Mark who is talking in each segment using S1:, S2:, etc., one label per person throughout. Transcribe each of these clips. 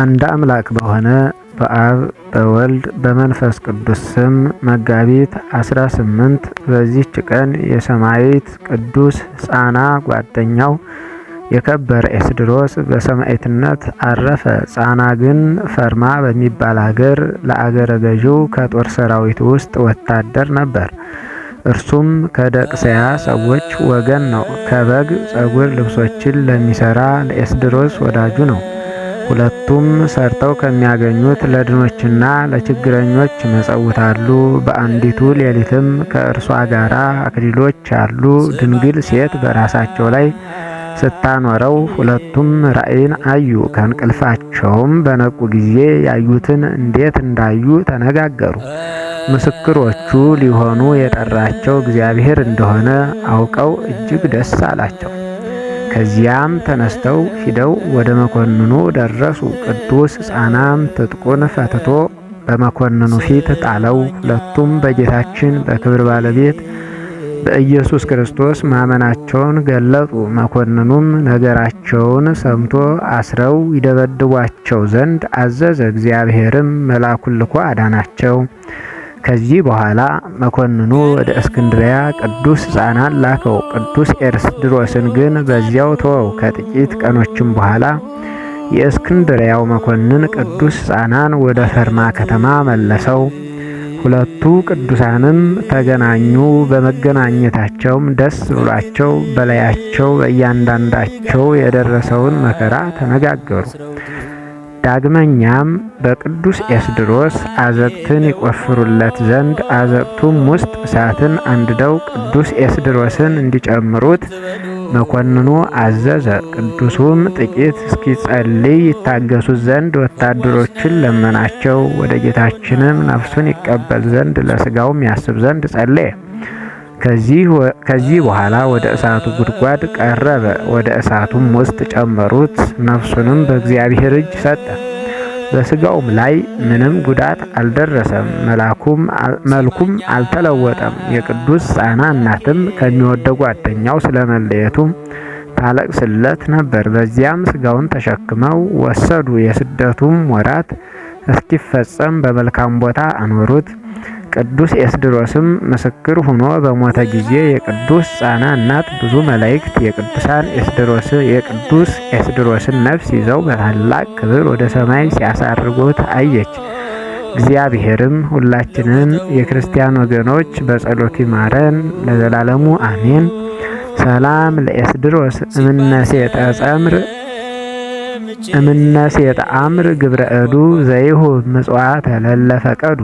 S1: አንድ አምላክ በሆነ በአብ በወልድ በመንፈስ ቅዱስ ስም መጋቢት 18 በዚህች ቀን የሰማዕት ቅዱስ ፃና ጓደኛው የከበረ ኤስድሮስ በሰማዕትነት አረፈ። ፃና ግን ፈርማ በሚባል አገር ለአገረ ገዢው ከጦር ሰራዊት ውስጥ ወታደር ነበር። እርሱም ከደቅሰያ ሰዎች ወገን ነው። ከበግ ጸጉር ልብሶችን ለሚሰራ ለኤስድሮስ ወዳጁ ነው። ሁለቱም ሰርተው ከሚያገኙት ለድኖችና ለችግረኞች ይመጸውታሉ። በአንዲቱ ሌሊትም ከእርሷ ጋር አክሊሎች ያሉ ድንግል ሴት በራሳቸው ላይ ስታኖረው ሁለቱም ራእይን አዩ። ከእንቅልፋቸውም በነቁ ጊዜ ያዩትን እንዴት እንዳዩ ተነጋገሩ። ምስክሮቹ ሊሆኑ የጠራቸው እግዚአብሔር እንደሆነ አውቀው እጅግ ደስ አላቸው። ከዚያም ተነስተው ሂደው ወደ መኮንኑ ደረሱ። ቅዱስ ሕፃናም ትጥቁን ፈትቶ በመኮንኑ ፊት ጣለው። ሁለቱም በጌታችን በክብር ባለቤት በኢየሱስ ክርስቶስ ማመናቸውን ገለጡ። መኮንኑም ነገራቸውን ሰምቶ አስረው ይደበድቧቸው ዘንድ አዘዘ። እግዚአብሔርም መልአኩን ልኮ አዳናቸው። ከዚህ በኋላ መኮንኑ ወደ እስክንድሪያ ቅዱስ ሕፃናን ላከው። ቅዱስ ኤርስድሮስን ግን በዚያው ተወው። ከጥቂት ቀኖችም በኋላ የእስክንድሪያው መኮንን ቅዱስ ሕፃናን ወደ ፈርማ ከተማ መለሰው። ሁለቱ ቅዱሳንም ተገናኙ። በመገናኘታቸውም ደስ ብሏቸው በላያቸው በእያንዳንዳቸው የደረሰውን መከራ ተነጋገሩ። ዳግመኛም በቅዱስ ኤስድሮስ አዘቅትን ይቆፍሩለት ዘንድ አዘቅቱም ውስጥ እሳትን አንድደው ቅዱስ ኤስድሮስን እንዲጨምሩት መኮንኑ አዘዘ። ቅዱሱም ጥቂት እስኪጸልይ ይታገሱት ዘንድ ወታደሮችን ለመናቸው። ወደ ጌታችንም ነፍሱን ይቀበል ዘንድ ለስጋውም ያስብ ዘንድ ጸለየ። ከዚህ በኋላ ወደ እሳቱ ጉድጓድ ቀረበ። ወደ እሳቱም ውስጥ ጨመሩት። ነፍሱንም በእግዚአብሔር እጅ ሰጠ። በስጋውም ላይ ምንም ጉዳት አልደረሰም፣ መልኩም አልተለወጠም። የቅዱስ ጻና እናትም ከሚወደጉ ጓደኛው ስለመለየቱ ታለቅስለት ነበር። በዚያም ስጋውን ተሸክመው ወሰዱ። የስደቱም ወራት እስኪፈጸም በመልካም ቦታ አኖሩት። ቅዱስ ኤስድሮስም ምስክር ሆኖ በሞተ ጊዜ የቅዱስ ጻና እናት ብዙ መላእክት የቅዱሳን ኤስድሮስ የቅዱስ ኤስድሮስን ነፍስ ይዘው በታላቅ ክብር ወደ ሰማይ ሲያሳርጉት አየች። እግዚአብሔርም ሁላችንን የክርስቲያን ወገኖች በጸሎት ይማረን ለዘላለሙ አሜን። ሰላም ለኤስድሮስ እምነሴ ተጸምር እምነሴት አምር ግብረ እዱ ዘይሁ ምጽዋተ ለለፈቀዱ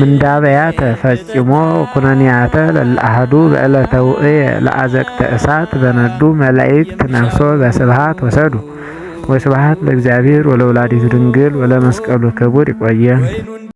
S1: ምንዳበያተ ፈጭሞ ኩነንያተ ለለአህዱ በዕለተ ውእየ ለአዘቅተ እሳት በነዱ መላእክት ነፍሶ በስብሃት ወሰዱ። ወስብሃት ለእግዚአብሔር ወለወላዲቱ ድንግል ወለመስቀሉ ክቡር። ይቆየን።